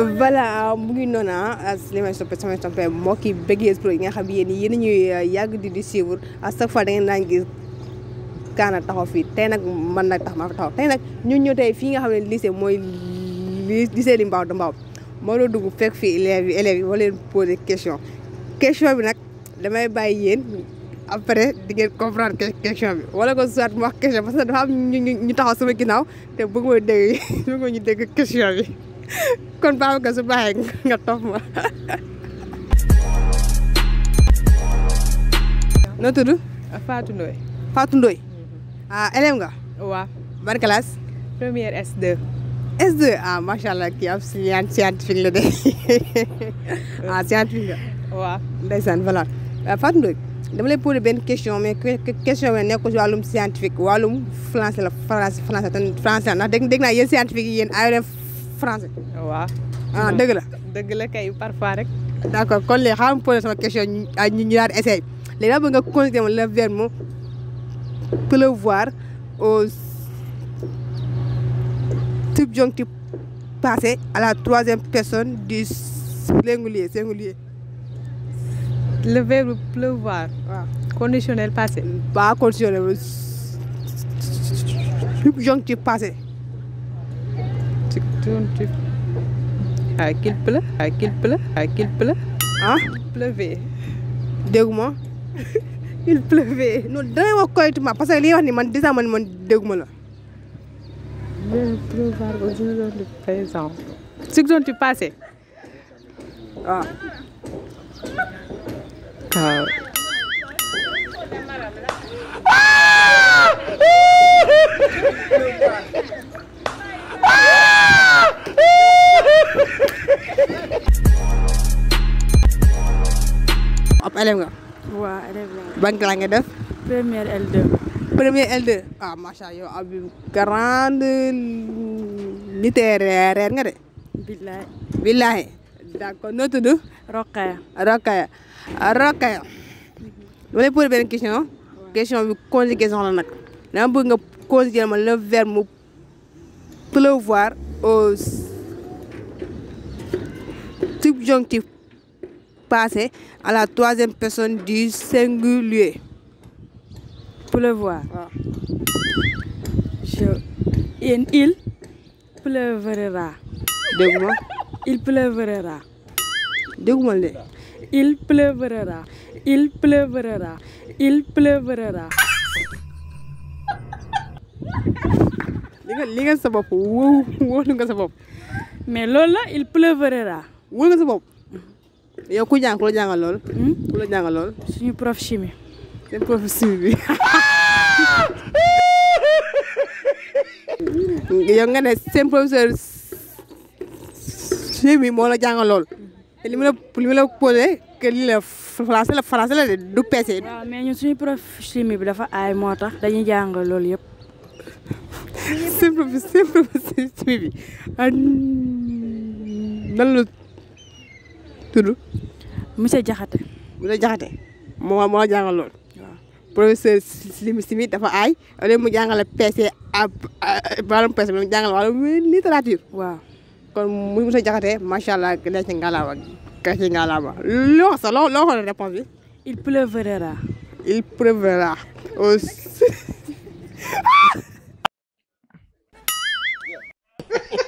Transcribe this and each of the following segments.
bala mu ngi noonu ah li may soppe samay soppe moo ki bëggee pro yi nga xam yéen yéen ñuy ah, yàgg di di suivre à chaque fois da ngeen daan gis kaana taxaw fii tey nag man nag tax maa fa taxaw tey nag ñu ñëw tey fii nga xam ne lycée mooy lycée li mbaaw da mbaaw moo loo fek fekk fii élèves yi élèves yi wala leen poser question question bi nag damay bàyyi yéen après di ngeen comprendre question bi wala ko soit mu wax question parce que dafa am ñu taxaw sama ginnaaw te bëgg ma dégg ñu dégg question bi kon Babacar su baaxee nga topp ma. noo tudd. Fatou Ndoye. Fatou mhm. ah, nga. waaw ban première S2. S2 ah macha allah kii ab la de ah scientifique nga. waaw ndeysaan voilà ah, Fatou Ndoye dama lay posé benn question mais question bi nekkul si wàllum scientifique wàllum français la français français la ndax dégg naa yéen scientifique yi yéen ay français. ah la. la kay parfois rek. Ah, le verbe pleuvoir au subjonctif passé à la troisième personne du singulier le verbe pleuvoir. Ah. conditionnel passé. pas conditionnel passé. Ah qu'il pleut, ah qu'il pleut, ah qu'il pleut. Hein? Il pleuvait. nous il pleuvait. non dangay wax correctement parce que li wax ni man man la. pleuvoir au passé. Ah. Ah. Ah! élève nga. waaw élève la. ban classe nga def. première L2. première L2 ah macha allah yow abi grande littéraire nga de. billahi. billahi d'accord noo tudd. Rokhaya. Rokhaya Rokhaya. wala pour benn question. question bi conjugué soxla nag. dama bëgg nga conjugué ma le verbe pleuvoir au subjonctif à la troisième personne du singulier. Pleuvoir. Ah. Je... Il, il pleuvra. Il pleuvra. Il pleuvra. Il pleuvera Il pleuvra. mais là il pleuvera oui nga yow ku jàng ku la jàngal hmm? suñu prof chimie. seen prof chimie bi. yow nga ne seen professeur chimie moo la jàngal lool. la li la posé que lii la du PC. waaw mais ñun suñu chimie bi dafa aay moo tax dañuy jàngal loolu yëpp. seen chimie bi tudu monsieur jaxate monsieur jaxate mo mo jangal lol professeur Slim Simi dafa ay wala mu jangal PC wàllum PC mu jangal walu literature waaw kon monsieur jaxate machallah allah lee ci ngalaama lee ci ngalaama loo sa lo lo ko réponse bi il pleuvera il pleuvera au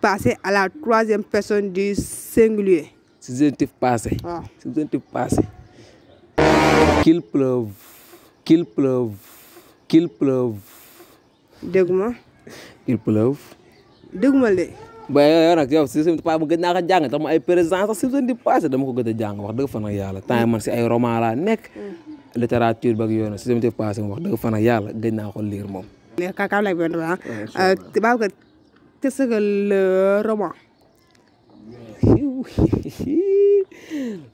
passé à la troisième personne du singulier. Subjonctif passé. waaw ah. subjonctif passé. qu'il pleuve. qu'il pleuve. qu'il pleuve. dégguma. qu'il pleuve. dégguma de. ba yow nag yow subjonctif passé mu gën naa ko jàng tax mu ay présence sax subjonctif passé dama ko gën a jàng wax dëgg fa yàlla temps man si ay roman laa nekk. Mm. littérature ba ak yoon subjonctif passé mu wax dëgg fa nag yàlla gën naa ko lire moom. ne kàlla kàlla lay te seul le roman.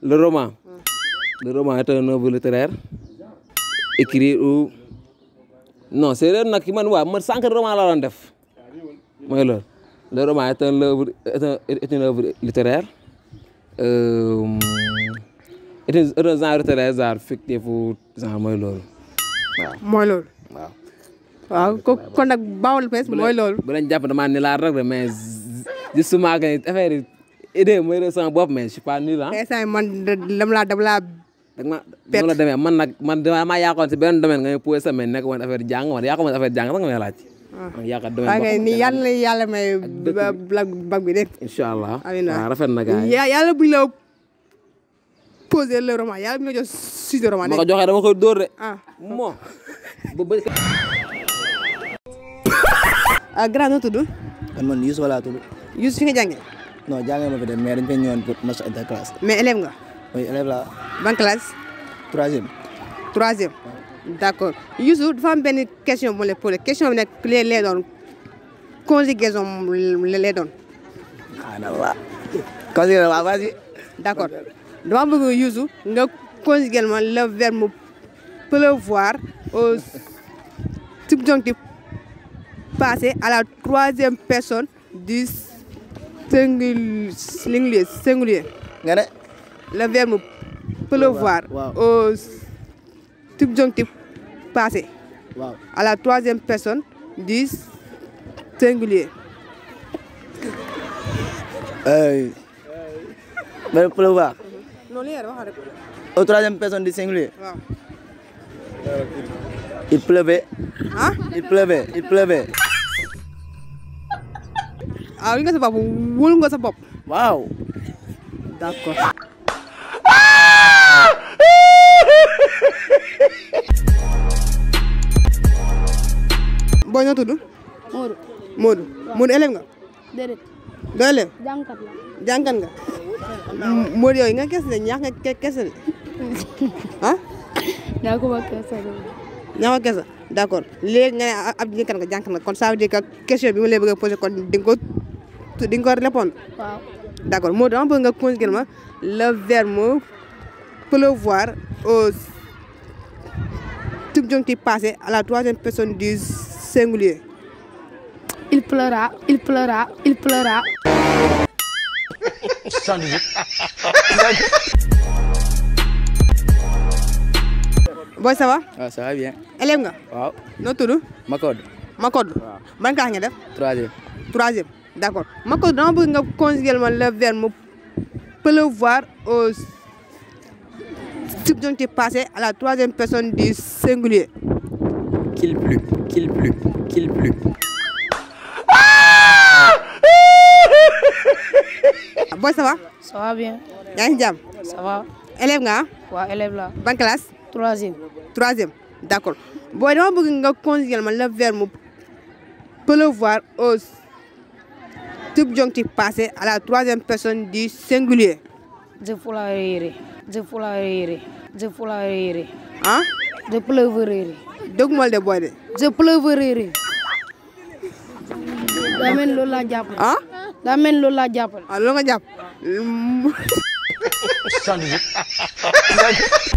le roman. Le roman est un œuvre littéraire écrit ou non man waaw man sànq roman laa doon def mooy loolu. Le roman est un œuvre est une œuvre littéraire euh, est un genre littéraire genre fictif ou genre mooy waaw kon nag Baol Peulh mooy loolu. bu leen jàpp damaa ni laa rek mais justement que affaire yi idée mooy réew sama bopp mais je suis pas nul ah. instant man lam laa dab laa. ma noonu la demee man nag man damaa yaakoon si benn domaine nga ñu puudar sa mais nekk woon affaire jàng man yaakoon affaire jàng sax nga may laaj. waaw ah. yaakaar domaine boo xam ne nii yàlla yàlla may. bag bi dégg. incha allah waaw ah, rafet na gars yi yàlla buñ la posé le roman yàlla buñ la jox sujet roman. ma ko joxee dama koy dóor de. ah bon. Euh, grand noo tudd. man man Youssou laa tudd. Youssou fi nga jàngee. non mais dañ nga. ban classe. troisième. troisième d' accord Youssou benn question bu ma lay question bi nag lay doon conjugaison lay doon. ah non waaw conjugaison waaw vas-y. d' nga conjuguer ma le verbe pleuvoir au subjonctif passer à la troisième personne du singulier. singulier. Le verbe pleuvoir wow. au subjonctif passé à la troisième personne du singulier. Hey. Verbe pleuvoir. Au troisième personne du singulier. Hein? Il pleuvait. Il pleuvait. Il pleuvait. Awi ah, nggak sebab, wul nggak sebab. Wow, dakor. Banyak tuh, mur, mur, mur elem nggak? Derek, gak Jangkat lah, jangkat nggak? Mur yang nggak kesel, nyak nggak kesel, ah? Nggak aku bakal kesel. ñaama kese d' accord léegi nga kan ab jànkat nga jànkat kon ça veut dire que question bi ma lay bëgg a posé kon di nga ko di nga ko répondre. waaw d' accord moo nga conjuguer ma le verbe pleuvoir au subjonctif passé à la troisième personne du singulier. il pleura il pleura il pleura. Bon, ça va ah, Ça va bien élève nga. waaw no tudd. Makod. Makod. waaw ban classe nga def. troisième. troisième d' accord Makod dama bëgg nga conjuguer ma le verbe pleuvoir au subjonctif passé à la troisième personne du singulier. qu'il pleut qu'il pleut qu'il pleut. Ah! boy ça va. ça va bien. yaa ngi ça va. élève nga ah. élève là ban classe. troisième. troisième d'accord booy dama bëgg nga conjuguer ma le verbe pleuvoir au subjonctif passé à la troisième personne du singulier. Je pleuverai. Je pleuverai. Je pleuverai. Hein? ah. Je pleuverai. dëgg mal de boire. de. Je pleuverai. daa mel loolu laa jàpp. ah. daa mel loolu laa jàpp. ah loolu nga jàpp.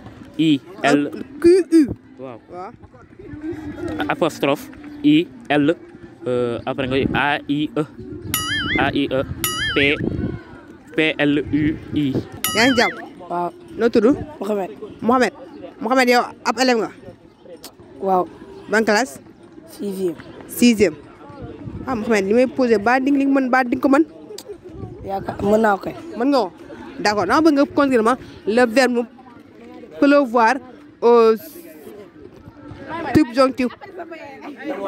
I L. waaw waaw. apostrophe L euh, après nga A I E A I E P P L U I. yaa ngi jàpp. waaw noo tudd. Mouhamed. Mouhamed Mouhamed yow ab élève nga. waaw. ban classe. sixième. sixième. ah Mouhamed li may posé ba di nga mën ba di ko mën. yaakaar mën naa ko. mën nga ko d' accord dama nga continuer ma le verbe pleuvoir au subjonctif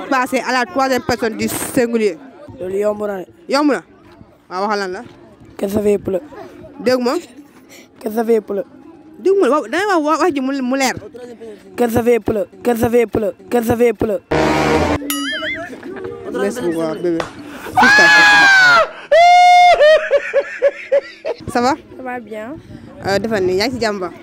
passé à la troisième personne du singulier. loolu yomb na de. yomb la. qu'est-ce que ça fait le? dégg ma. qu'est-ce que ça fait pour le? ma da ngay wax wax ji mu leer. qu'est-ce que ça fait le? qu'est-ce que ça fait le? qu'est-ce que ça fait pleu. merci bébé. ça va. ça va bien. Euh, defal ni yaa ngi ci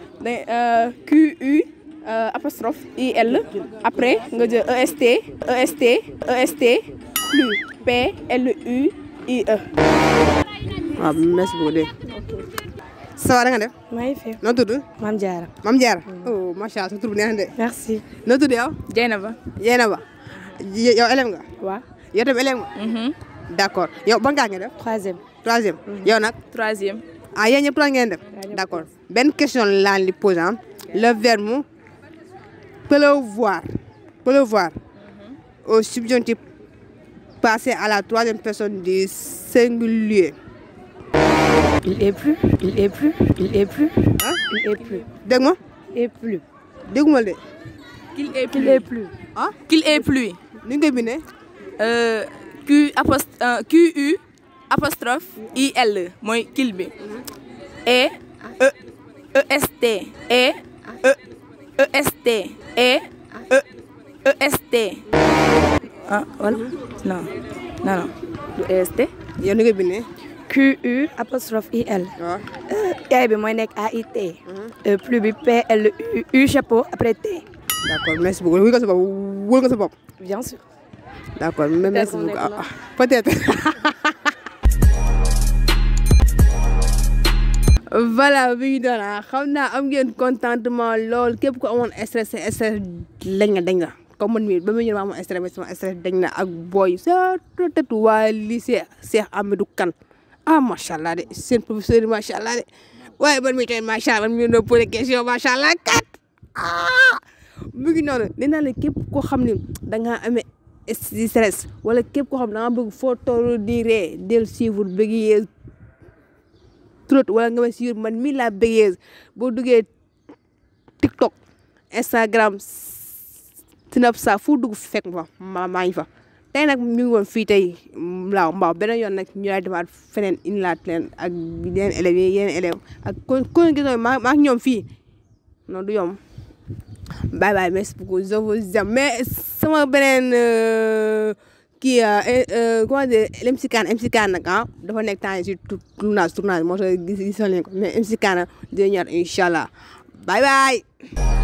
Euh, Q U euh, apostrophe I L après nga E S T E S T E S T P L U I E. Merci. merci beaucoup ça va nga def. Mm. oh macha merci Merci. Merci. Merci. Merci. troisième. troisième mm. yow troisième. Ah, d'accord. Une question d'accord Ben question le verbe pleuvoir mm-hmm. au subjonctif passé à la troisième personne du singulier. Il est plus, il est plus, il est plus. Hein? Il est plus. est plus. Qu'il est plus. Qu'il est plus. Hein? Qu'il est plus. Euh, Q euh, Q U apostrophe IL l kil et E E s EST e, e E s EST e, e E s t ah voilà non non non du EST en a nga Q U apostrophe IL. yaay ah. e, bi a i t mhm. plus bi l U chapeau après T. d'accord merci beaucoup oui nga sa bopp oui nga bien sûr. d'accord merci beaucoup ah, ah, peut-être. voilà mi ngi doon xam naa am ngeen contentement lool képp ku amoon stress stress lañ la dañ la comme man mii ba muy ñëw ma amoon stress sama stress dañ na ak booy surtout tëdd waa lycée Cheikh Amadou Kane ah macha allah de seen professeur yi macha allah de waaye man mii tamit macha allah man mii doon posé kat ah mu ngi noonu nee naa la képp koo xam ne da ngaa amee. stress wala képp koo xam ne da nga bëgg foo toll di ree del suivre bëgg yee Truth wala nga ma suivre man mii la bégeuse boo duggee TikTok Instagram Snapchat fu dugg fekk ma ma maa ngi fa tey nag ñu ngi woon fii tey laaw mbaaw beneen yoon nag ñu lay demaat feneen indilaat leen ak yeneen élèves yi yeneen élèves ak kon kon gis ma ñoom fii non du bye bye merci beaucoup je vous aime sama beneen euh, kii euh, euh, euh, comment dire MC Kan MC Kan nag ah nekk temps si tournage tournage moo tax gis gisal nañ ko mais MC Kan incha allah bye bye.